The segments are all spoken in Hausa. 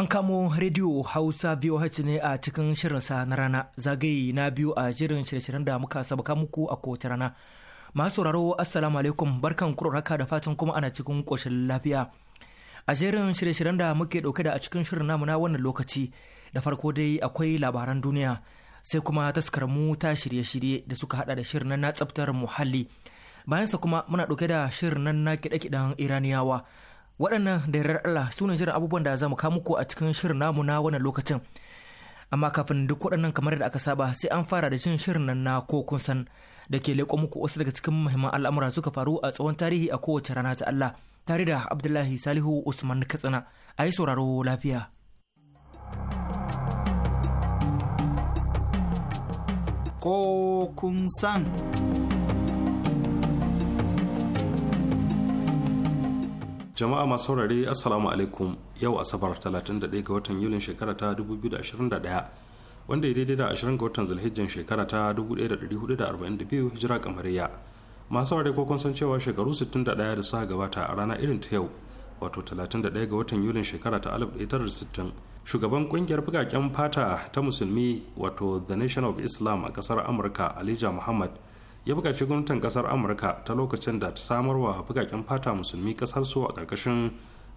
An kamo rediyo Hausa biyu VOH ne a cikin shirinsa na rana zagaye na biyu a jirin shirye-shiryen da muka sabaka muku a kowace rana. Masu sauraro Assalamu alaikum barkan kuraraka da fatan kuma ana cikin koshin lafiya. A jerin shirye-shiryen da muke ɗauke da a cikin shirin namu na wannan lokaci da farko dai akwai labaran duniya sai kuma taskar mu ta shirye-shirye da suka hada da shirin na tsaftar muhalli. Bayansa kuma muna ɗauke da shirin na kiɗe-kiɗen Iraniyawa. waɗannan da yarar Allah su ne jiran abubuwan da za mu kawo muku a cikin shirin namu na wannan lokacin amma kafin duk waɗannan kamar da aka saba sai an fara da jin shirin nan na ko kun san da ke leƙo muku wasu daga cikin muhimman al'amura suka faru a tsawon tarihi a kowace rana ta Allah tare da Abdullahi Salihu Usman Katsina a yi sauraro lafiya. Ko kun san. jama'a masu saurare assalamu alaikum yau asabar 31 ga watan yulin shekara ta 2021 wanda ya daidai da 20 ga watan zulhijjan shekara ta 1442 hijira kamariya masu saurare ko san cewa shekaru 61 da suka gabata a rana irin ta yau wato 31 ga watan yulin shekara ta 1960 shugaban kungiyar bugaken fata ta musulmi wato the nation of islam a kasar amurka alija muhammad ya bukaci gwamnatin ƙasar amurka ta lokacin da ta samar wa bukakin fata musulmi ƙasar su a ƙarƙashin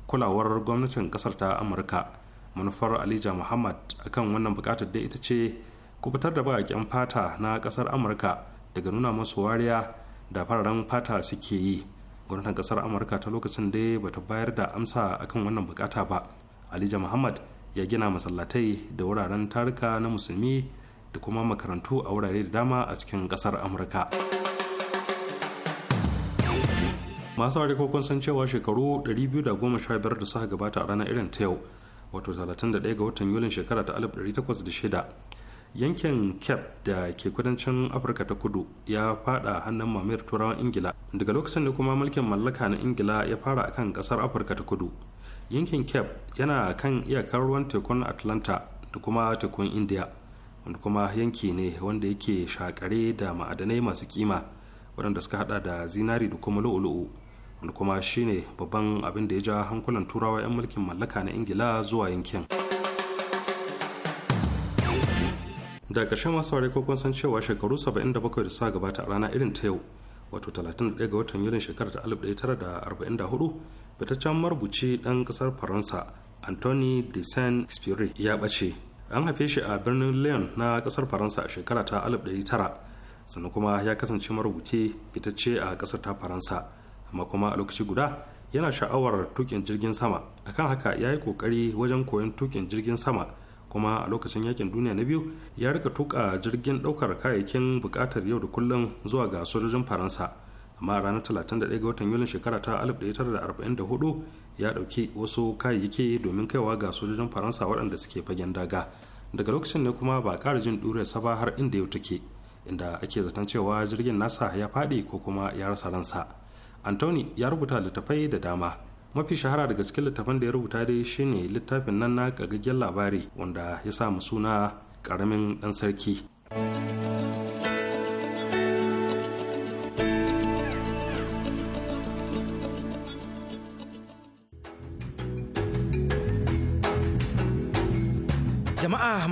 kulawar gwamnatin ƙasar ta amurka manufar alija muhammad akan wannan bukatar da ita ce kubutar da bukakin fata na ƙasar amurka daga nuna masu wariya da fararen fata suke yi gwamnatin ƙasar amurka ta lokacin da bata bayar da amsa akan wannan bukata ba alija muhammad ya gina masallatai da wuraren taruka na musulmi da kuma makarantu a wurare da dama a cikin kasar amurka masu kun san cewa shekaru 215 da suka gabata a ranar irin ta yau wato 31 ga watan yulin shekara ta 1806 yankin cape da ke kudancin afirka ta kudu ya fada hannun mamayar turawan ingila daga lokacin da kuma mulkin mallaka na ingila ya fara akan kasar afirka ta kudu yankin cape yana kan iyakar ruwan tekun atlanta da kuma tekun india wanda kuma yanki ne wanda yake shakare da ma'adanai masu kima waɗanda suka hada da zinari da kuma lu'ulu'u wanda kuma shine babban abin da ya ja hankulan turawa 'yan mulkin mallaka na ingila zuwa yankin da ƙarshen masu ware kun san cewa shekaru 77 da suka gabata a rana irin ta yau wato 31 ga watan yulin shekarar 1944 fitaccen marubuci ɗan ƙasar faransa anthony de saint-exupéry ya ɓace an haife shi a birnin lyon na kasar faransa a shekara ta 1900 sannan kuma ya kasance marubuce fitacce a kasar ta faransa amma kuma a lokaci guda yana sha'awar tukin jirgin sama akan haka ya yi kokari wajen koyon tukin jirgin sama kuma a lokacin yakin duniya na biyu ya rika tuka jirgin daukar kayayyakin bukatar yau da kullum zuwa ga sojojin faransa amma ranar 31 ga watan yulin shekara ta 1944 ya ɗauki wasu kayayyaki domin kaiwa ga sojojin faransa waɗanda suke fagen daga daga lokacin ne kuma ba ƙara jin ɗuriyarsa saba har inda yau take inda ake zaton cewa jirgin nasa ya faɗi ko kuma ya rasa ransa antoni ya rubuta littafai da dama mafi shahara daga cikin littafan da ya rubuta dai shine littafin nan na kagaggen labari wanda ya samu suna ƙaramin ɗan sarki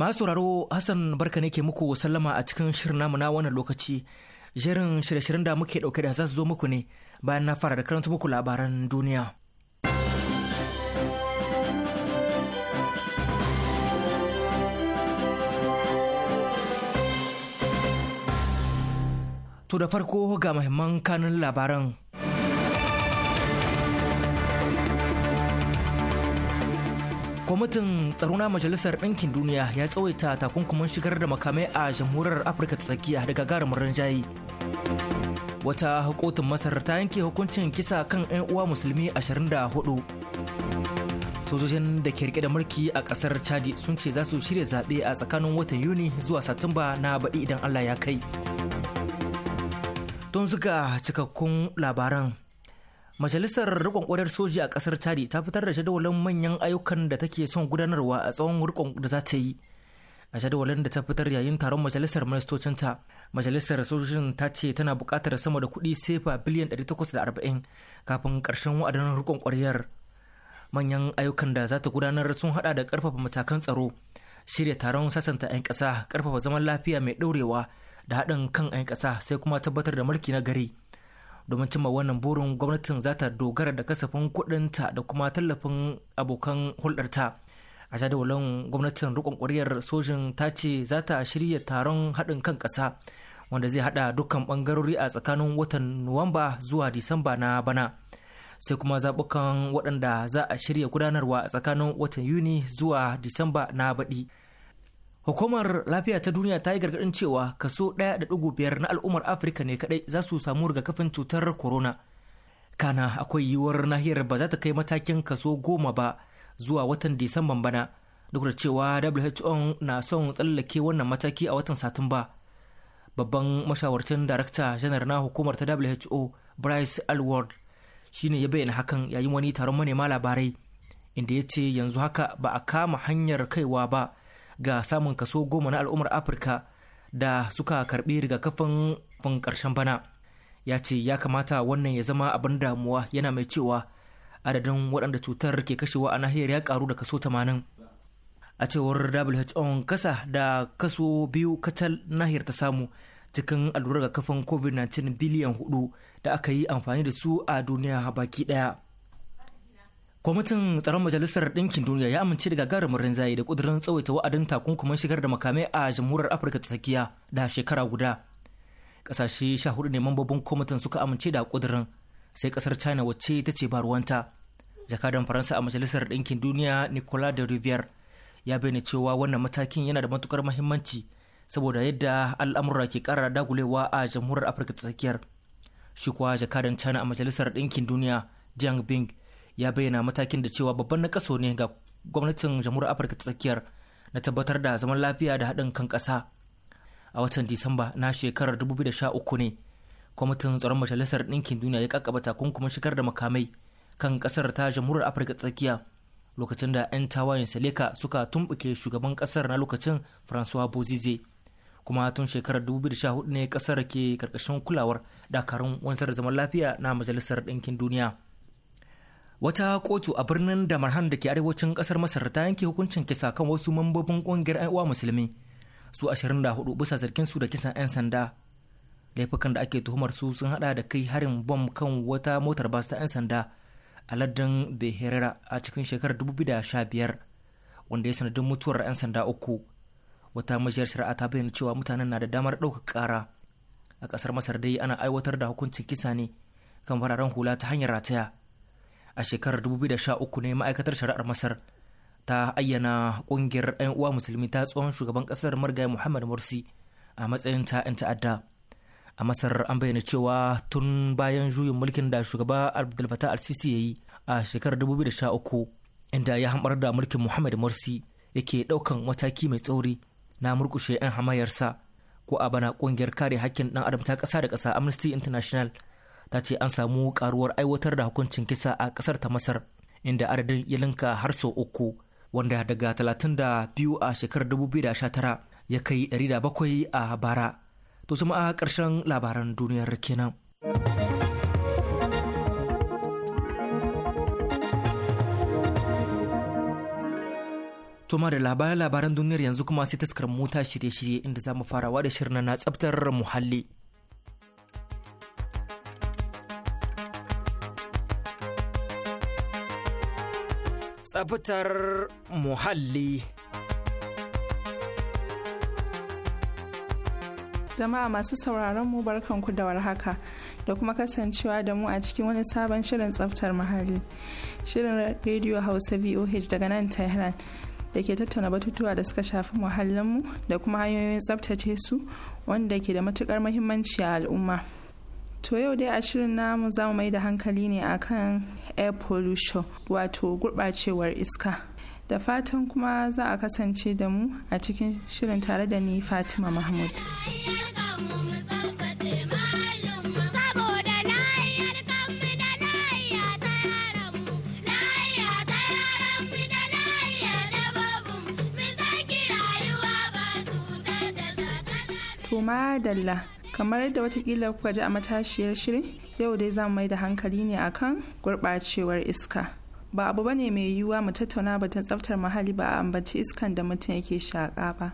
Masu sauraro Hassan barka ne ke muku sallama a cikin shirin namu na wannan lokaci. Jerin shirye-shiryen da muke dauke da za su zo muku ne bayan na fara da karanta muku labaran duniya. To da farko ga mahimman kanun labaran. kwamitin tsaro na majalisar ɗinkin duniya ya tsawaita takunkumin shigar da makamai a Jamhurar afirka ta tsakiya daga gagarumin rinjaye wata kotun masar ta yanke hukuncin kisa kan 'yan uwa musulmi 24 sojojin da ke rike da mulki a ƙasar chadi sun ce za su shirya zaɓe a tsakanin watan yuni zuwa satumba na baɗi idan allah ya kai don zuga cikakkun labaran Majalisar rikon kwarar soji a kasar Chadi ta fitar da jadawalin manyan ayyukan da take son gudanarwa a tsawon rikon da za ta yi. A jadawalin da ta fitar yayin taron majalisar ministocinta, majalisar sojojin ta ce tana buƙatar sama da kuɗi sefa biliyan 840 kafin ƙarshen wa'adin rikon kwaryar. Manyan ayyukan da za ta gudanar sun haɗa da ƙarfafa matakan tsaro, shirya taron sasanta 'yan ƙasa, ƙarfafa zaman lafiya mai ɗorewa da haɗin kan 'yan ƙasa sai kuma tabbatar da mulki na gari. domin cimma wannan burin gwamnatin za ta dogara da kasafin kudinta da kuma tallafin abokan hulɗarta a jadawalin gwamnatin rikon ƙwariyar sojin ta ce za ta shirya taron haɗin kan ƙasa wanda zai haɗa dukkan ɓangarori a tsakanin watan nuwamba zuwa disamba na bana sai kuma zaɓukan waɗanda za a shirya gudanarwa a tsakanin watan yuni zuwa disamba na baɗi Hukumar lafiya ta duniya ta yi gargaɗin cewa kaso ɗaya da biyar na al'ummar Afirka ne kaɗai za su samu rigakafin cutar corona. Kana akwai yiwuwar nahiyar ba za ta kai matakin kaso goma ba zuwa watan Disamban bana duk da cewa WHO na son tsallake wannan mataki a watan Satumba. Babban mashawarcin darakta janar na hukumar ta WHO Bryce Alward shine ya bayyana hakan yayin wani taron manema labarai inda ya ce yanzu haka ba a kama hanyar kaiwa ba ga samun kaso goma na al'ummar afirka da suka karbi rigakafin fin karshen bana ya ce ya kamata wannan ya zama abin damuwa yana mai cewa adadin waɗanda cutar ke kashewa a nahiyar ya karu da kaso 80 a cewar who kasa da kaso biyu kacal nahiyar ta samu cikin allurar kafin covid-19 biliyan hudu da aka yi amfani da su a duniya baki ɗaya. kwamitin tsaron majalisar ɗinkin duniya ya amince da gagarumin rinjaye da ƙudurin tsawaita wa'adin takunkumin shigar da makamai a jamhuriyar afirka ta tsakiya da shekara guda ƙasashe sha hudu ne mambobin kwamitin suka amince da ƙudurin sai ƙasar china wacce ta ce baruwanta ruwanta jakadan faransa a majalisar ɗinkin duniya nicola de rivière ya bayyana cewa wannan matakin yana da matukar muhimmanci saboda yadda al'amura ke ƙara dagulewa a jamhuriyar afirka ta tsakiyar shi kuwa jakadan china a majalisar ɗinkin duniya jiang bing ya bayyana matakin da cewa babban nakaso ne ga gwamnatin jamhuriyar afirka ta tsakiyar na tabbatar da zaman lafiya da haɗin kan kasa a watan disamba na shekarar 2013 ne kwamitin tsaron majalisar ɗinkin duniya ya kakkaba takunkumin shigar da makamai kan kasar ta jamhuriyar afirka tsakiya lokacin da 'yan tawayen seleka suka tumɓuke shugaban kasar na lokacin francois bozize kuma tun shekarar 2014 ne ƙasar ke karkashin kulawar dakarun wanzar zaman lafiya na majalisar ɗinkin duniya wata kotu a birnin da damarhan da ke arewacin kasar masar ta yanke hukuncin kisa kan wasu mambobin kungiyar yan uwa musulmi su 24 bisa zargin su da kisan yan sanda laifukan da ake tuhumar su sun hada da kai harin bom kan wata motar bas ta yan sanda a lardin beherera a cikin shekarar 2015 wanda ya sanadin mutuwar yan sanda uku wata majiyar shari'a ta bayyana cewa mutanen na da damar ɗaukar ƙara a ƙasar masar dai ana aiwatar da hukuncin kisa ne kan fararen hula ta hanyar rataya a shekarar 2013 ne ma'aikatar shari'ar masar ta ayyana kungiyar 'yan uwa musulmi ta tsohon shugaban kasar marga muhammad morsi a matsayin ta 'yan ta'adda a masar an bayyana cewa tun bayan juyin mulkin da shugaba abdulfata fatah al-sisi ya yi a shekarar 2013 inda ya hambar da mulkin muhammad morsi yake daukan mataki mai tsauri na murkushe 'yan hamayarsa ko a bana kungiyar kare hakkin dan adam ta kasa da kasa amnesty international ta ce an samu karuwar aiwatar da hukuncin kisa a kasar ta masar inda adadin ya linka har sau uku wanda daga 32 a shekarar 2019 ya kai 107 a bara to a ƙarshen labaran duniyar kenan. Tuma da labaran labaran duniyar yanzu kuma sai taskar mota shirye-shirye inda za mu farawa da shirin na tsabtar muhalli. tsabtar muhalli. jama'a masu sauraron mu barkanku da warhaka da kuma kasancewa da mu a cikin wani sabon shirin tsaftar muhalli shirin radio hausa voh daga nan tehran da ke tattauna batutuwa da suka shafi muhallinmu da kuma hanyoyin tsaftace su wanda ke da matukar muhimmanci a al'umma to yau dai a shirin namu za mu mai da hankali ne akan air pollution wato gurɓacewar iska da fatan kuma za a kasance da mu a cikin shirin tare da ni fatima mahmud to madalla kamar yadda watakila kuka ji a matashiyar shirin yau dai za mu mai da hankali ne akan gurɓacewar iska ba abu bane mai yiwuwa mu tattauna batun tsaftar muhalli ba a ambaci iskan da mutum yake shaƙa ba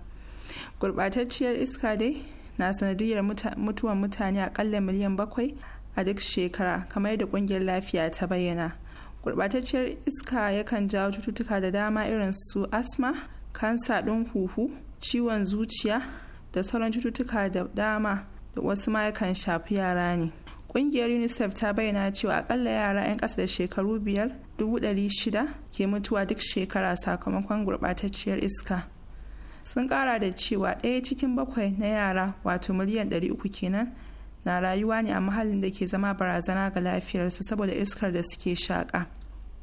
gurɓatacciyar iska dai na sanadiyar mutuwan mutane akalla miliyan bakwai a duk shekara kamar yadda ƙungiyar lafiya ta bayyana gurɓatacciyar iska yakan jawo cututtuka da dama irin su asma kansa ɗin huhu ciwon zuciya da sauran cututtuka da dama wasu ma yakan shafi yara ne ƙungiyar unicef ta bayyana cewa akalla yara 'yan ƙasa da shekaru biyar dubu ɗari shida ke mutuwa duk shekara sakamakon gurɓatacciyar iska sun ƙara da cewa ɗaya cikin bakwai na yara wato miliyan ɗari uku kenan na rayuwa ne a mahallin da ke zama barazana ga lafiyarsu saboda iskar da suke shaƙa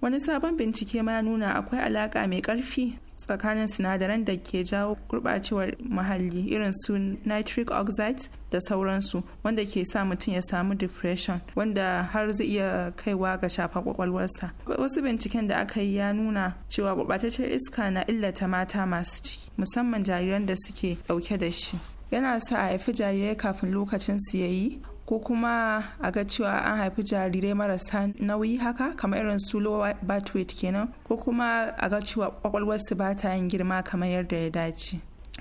wani sabon bincike ma nuna akwai alaƙa mai ƙarfi tsakanin sinadaran da ke jawo gurɓacewar muhalli irin su nitric oxide da sauransu wanda ke sa mutum ya samu depression wanda har zai iya kaiwa ga shafa kwakwalwarsa wasu binciken da aka yi ya nuna cewa gurɓataccen iska na illata mata masu ciki musamman jariran da suke ɗauke da shi yana sa a haifi jarirai kafin lokacin su yayi ko kuma a ga cewa an haifi jarirai marasa nauyi haka kamar irin su low birth weight kenan ko kuma a ga cewa kwakwalwarsu ba ta yin girma kamar yadda ya dace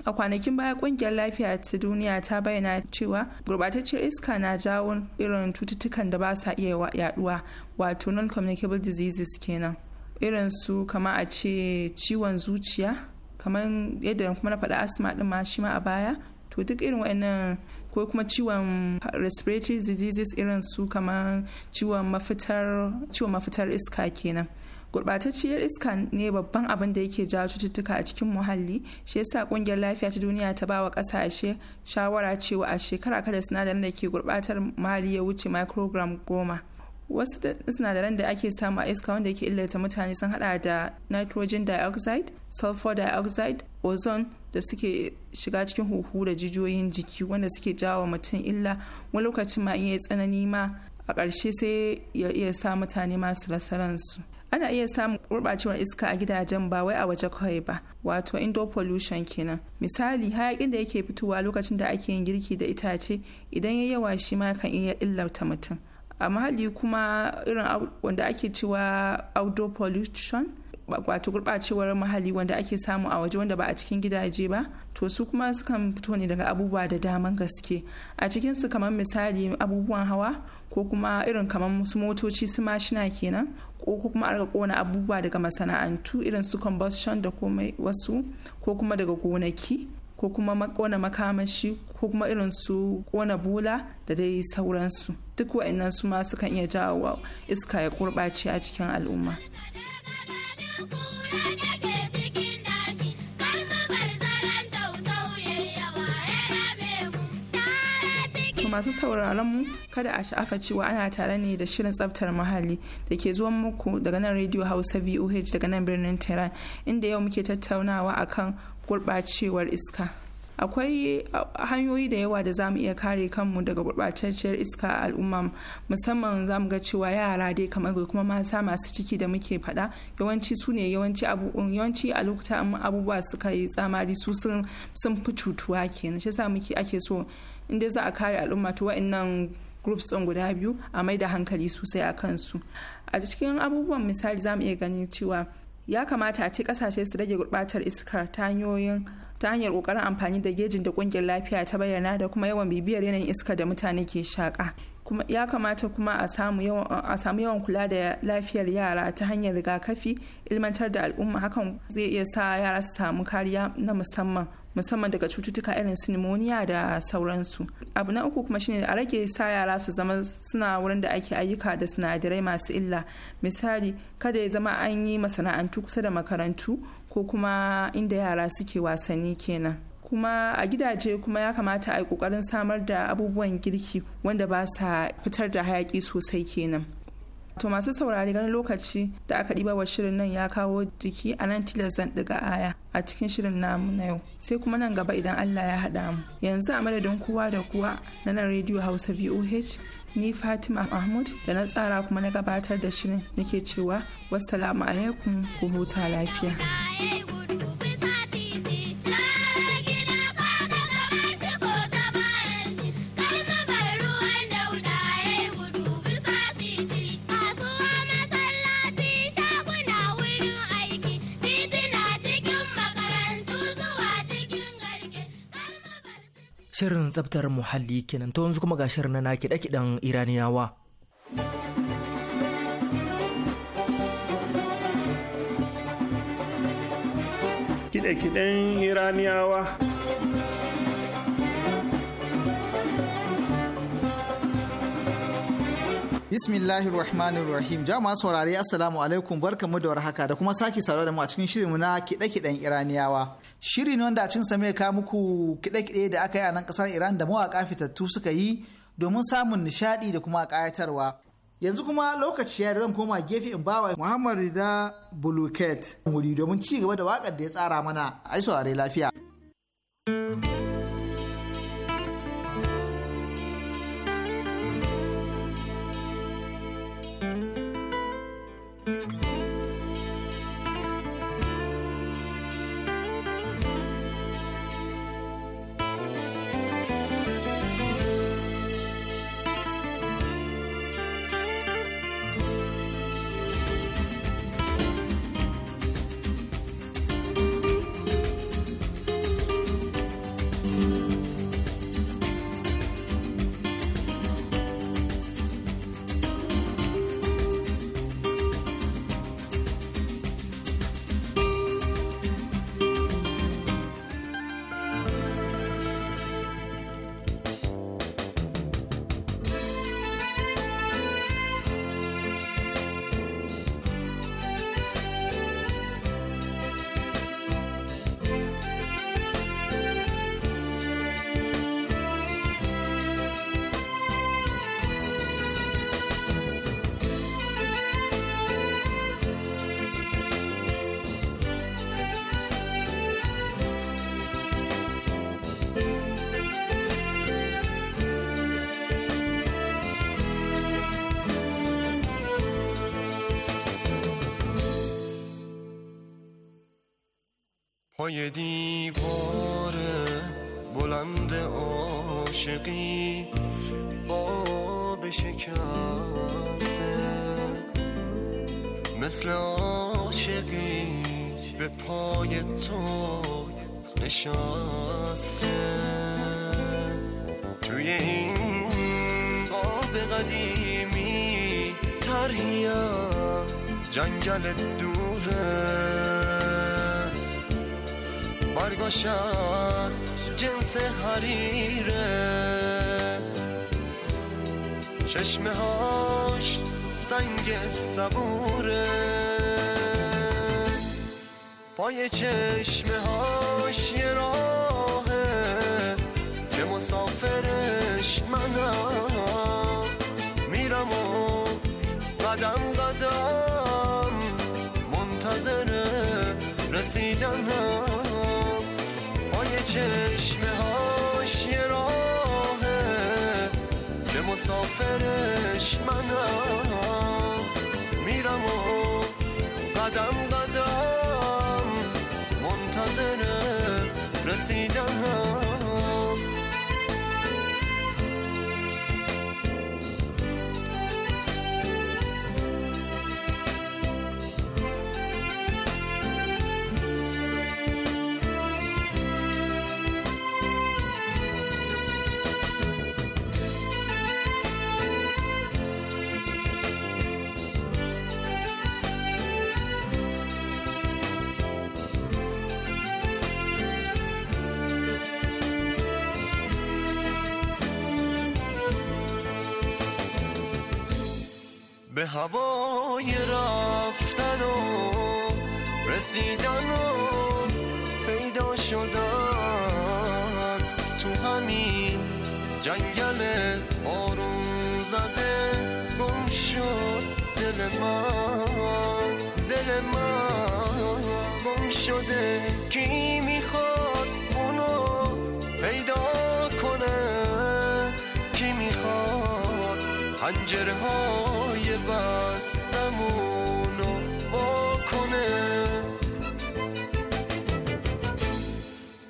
a kwanakin baya kungiyar lafiya ta duniya ta bayyana cewa gurbatacciyar iska na jawo irin cututtukan da ba sa iya yaduwa wato non-communicable diseases kenan irin su kama a ce ciwon zuciya kamar yadda kuma na faɗa asma ɗin ma shi ma a baya to duk irin wa'annan ko kuma ciwon respiratory diseases irin su kamar ciwon mafitar iska kenan gurɓatacciyar iska ne babban abin da yake jawo cututtuka a cikin muhalli shi yasa ƙungiyar lafiya ta duniya ta bawa ƙasashe shawara cewa a shekara kada sinadarin da ke gurɓatar muhalli ya wuce microgram goma wasu sinadaran da ake samu a iska wanda ke illata mutane sun hada da nitrogen dioxide sulfur dioxide ozone da suke shiga cikin huhu da jijiyoyin jiki wanda suke jawo mutum illa wani lokacin ma iya tsanani ma a ƙarshe sai ya iya sa mutane masu rasaransu ana iya samun gurɓacewar iska a gidajen ba wai a waje kawai ba wato indoor pollution kenan misali hayakin da yake fitowa lokacin da ake yin girki da itace idan ya yawa shi ma kan iya illata mutum a mahalli kuma irin wanda ake cewa outdoor pollution wato gurɓacewar muhalli wanda ake samu a waje wanda ba a cikin gidaje ba to su kuma sukan fito ne daga abubuwa da daman gaske a cikin su kamar misali abubuwan hawa ko kuma irin kamar su motoci su mashina kenan ko kuma arga kona abubuwa daga masana'antu irin su combustion da komai wasu ko kuma daga gonaki ko kuma kona makamashi ko kuma irin su kona bula da dai sauransu duk wa'annan su ma sukan iya jawo iska ya gurɓace a cikin al'umma masu sauraron mu kada a sha'afa cewa ana tare ne da shirin tsaftar muhalli da ke zuwan muku daga nan radio hausa voh daga nan birnin tehran inda yau muke tattaunawa akan gurɓacewar iska akwai hanyoyi da yawa da za mu iya kare kanmu daga gurɓatacciyar iska a al'umma musamman za mu ga cewa yara dai kamar kuma mata masu ciki da muke faɗa yawanci su ne yawanci a lokuta abubuwa suka yi tsamari su sun fi cutuwa kenan shi sa muke ake so inda za a kare al'umma to wa'annan groups ɗin guda biyu a mai da hankali sosai a kansu a cikin abubuwan misali za mu iya ganin cewa ya kamata a ce kasashe su rage gurbatar iska ta hanyoyin ta hanyar kokarin amfani da gejin da kungiyar lafiya ta bayyana da kuma yawan bibiyar yanayin iska da mutane ke shaka ya kamata kuma a samu yawan kula da lafiyar yara ta hanyar rigakafi ilmantar da al'umma hakan zai iya sa yara su samu kariya na musamman musamman daga cututtuka irin su pneumonia da sauransu abu na uku kuma shine a rage sa yara su zama suna wurin da ake ayyuka da sinadarai masu illa misali kada ya zama an yi masana'antu kusa da makarantu ko kuma inda yara suke wasanni kenan kuma a gidaje kuma ya kamata a yi kokarin samar da abubuwan girki wanda ba sa fitar da hayaki sosai kenan To masu saurari ganin lokaci da aka ɗiba wa shirin nan ya kawo jiki a nan tilas zan aya a cikin shirin namu na yau sai kuma nan gaba idan Allah ya haɗa mu. Yanzu a madadin kowa da kowa na nan rediyo Hausa VOH ni Fatima Mahmud da na tsara kuma na gabatar da shirin nake cewa wassalamu alaikum ku huta lafiya. shirin tsabtar muhalli kenan to yanzu kuma ga shirin na kiɗe-kiɗen iraniyawa kiɗe-kiɗen iraniyawa Bismillahir Rahmanir Rahim. Jama'a saurare Assalamu alaikum mu da warhaka da kuma sake saurare da mu a cikin shirinmu na kiɗe-kiɗen Iraniyawa. Shirin ne wanda a cikin same ka muku kiɗe-kiɗe da aka yi a nan ƙasar Iran da mawaƙa fitattu suka yi domin samun nishaɗi da kuma kayatarwa. Yanzu kuma lokaci ya da zan koma gefe in bawa Muhammad Rida Buluket wuri domin ci gaba da waƙar da ya tsara mana. Ai saurare lafiya. پای دیوار بلند عاشقی باب شکسته مثل عاشقی به پای تو نشسته توی این آب قدیمی ترهی از جنگل دوره خرگوش از جنس حریره چشمه هاش سنگ صبوره پای چشمه هاش یه راهه که مسافرش منم میرم و قدم به هوای رفتن و رسیدن و پیدا شدن تو همین جنگل آروم زده گم شد دل من دل من گم شده پنجره های بستمونو کنه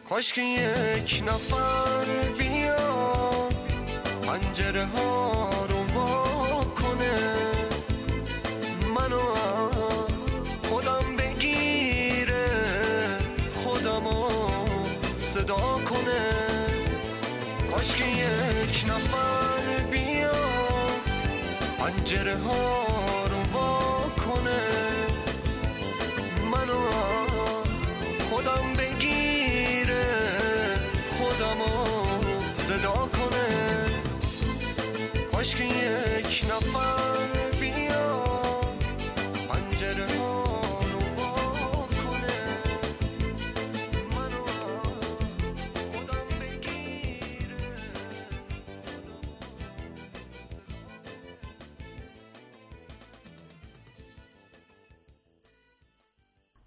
کاش که یک نفر بیا پنجره ها رو کنه منو از خودم بگیره خودمو صدا پنجره ها رو وا کنه منو از خودم بگیره خودمو صدا کنه کاش که یه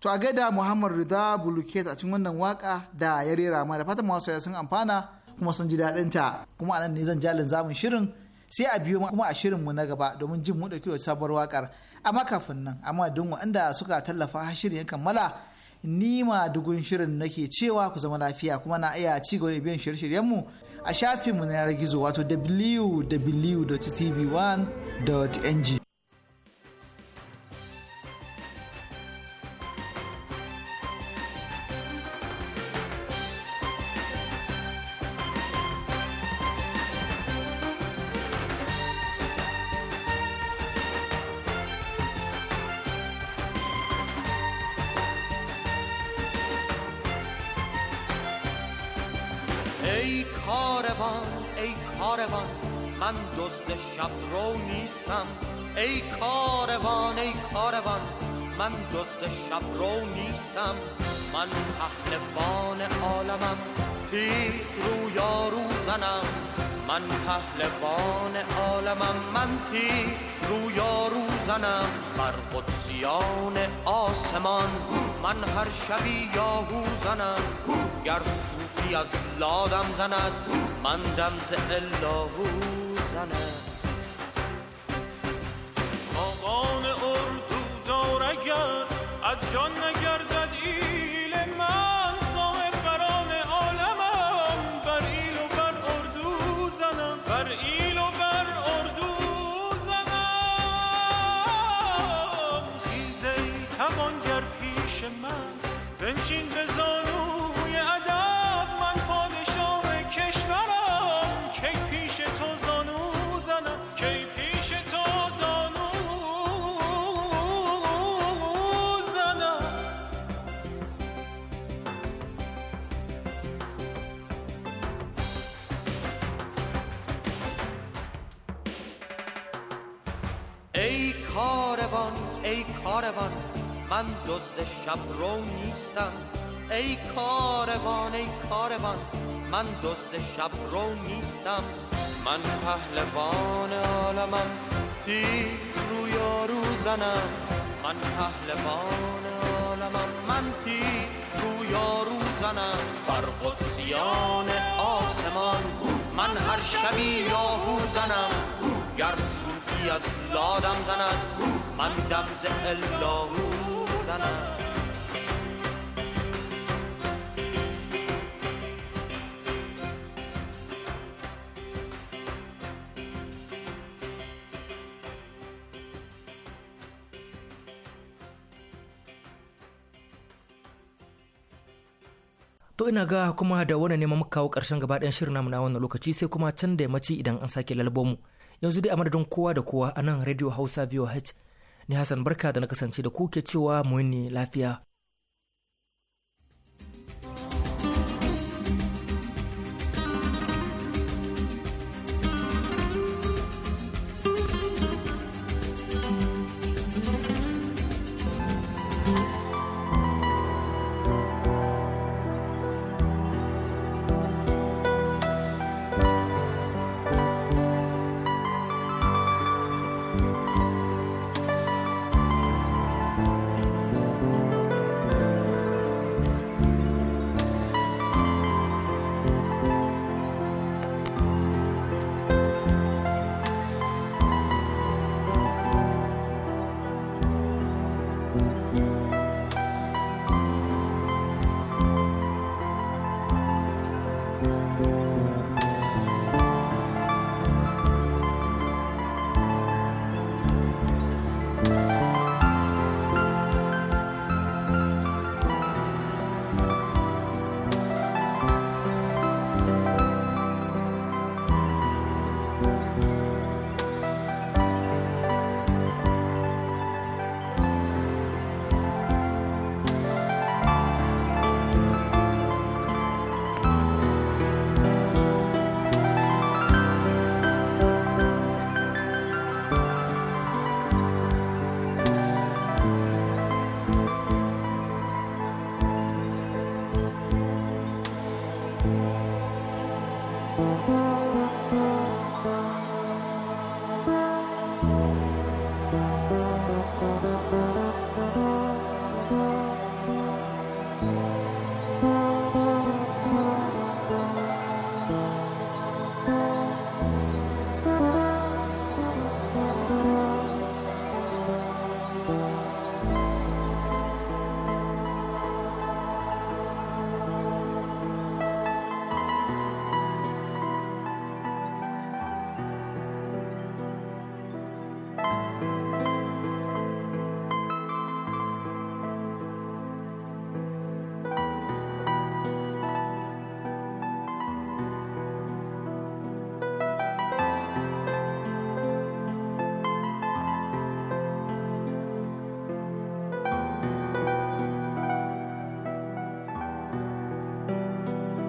to a gaida muhammad rida buluket a cikin wannan waka da ya rera ma da fatan masu sun amfana kuma sun ji daɗin ta kuma anan ne zan jalin zamun shirin sai a biyo kuma a shirin mu na gaba domin jin mu dauki sabuwar wakar amma kafin nan amma don waɗanda suka tallafa shirin yankan mala ni ma dugun shirin nake cewa ku zama lafiya kuma na iya ci gaba da biyan shirye-shiryen mu a mu na yanar gizo wato www.tv1.ng پهلوان عالمم من تی رویا رو زنم بر قدسیان آسمان من هر شبی یاهو زنم گر صوفی از لادم زند من دم ز اللهو زنم خاقان اردو دارگر از جان بشین به زانوی ادب من پادشاه کشورم کی پیش تو زانو زنم کی پیش تو زانو زنم ای کاروان ای کاروان من دزد شب رو نیستم ای کاروان ای کاروان من دزد شب رو نیستم من پهلوان عالمم تیر رو یارو زنم من پهلوان عالمم من تیر رو زنم بر قدسیان آسمان من هر شبی یاهو زنم گر صوفی از لادم زند من دمز اللهو sana. To ina ga kuma da wani neman muka kawo ƙarshen gaba ɗayan shirin namu na wannan lokaci sai kuma can da yammaci idan an sake lalbomu. Yanzu dai a madadin kowa da kowa a nan Radio Hausa VOH ni hassan barka da na kasance da ku ke cewa muni lafiya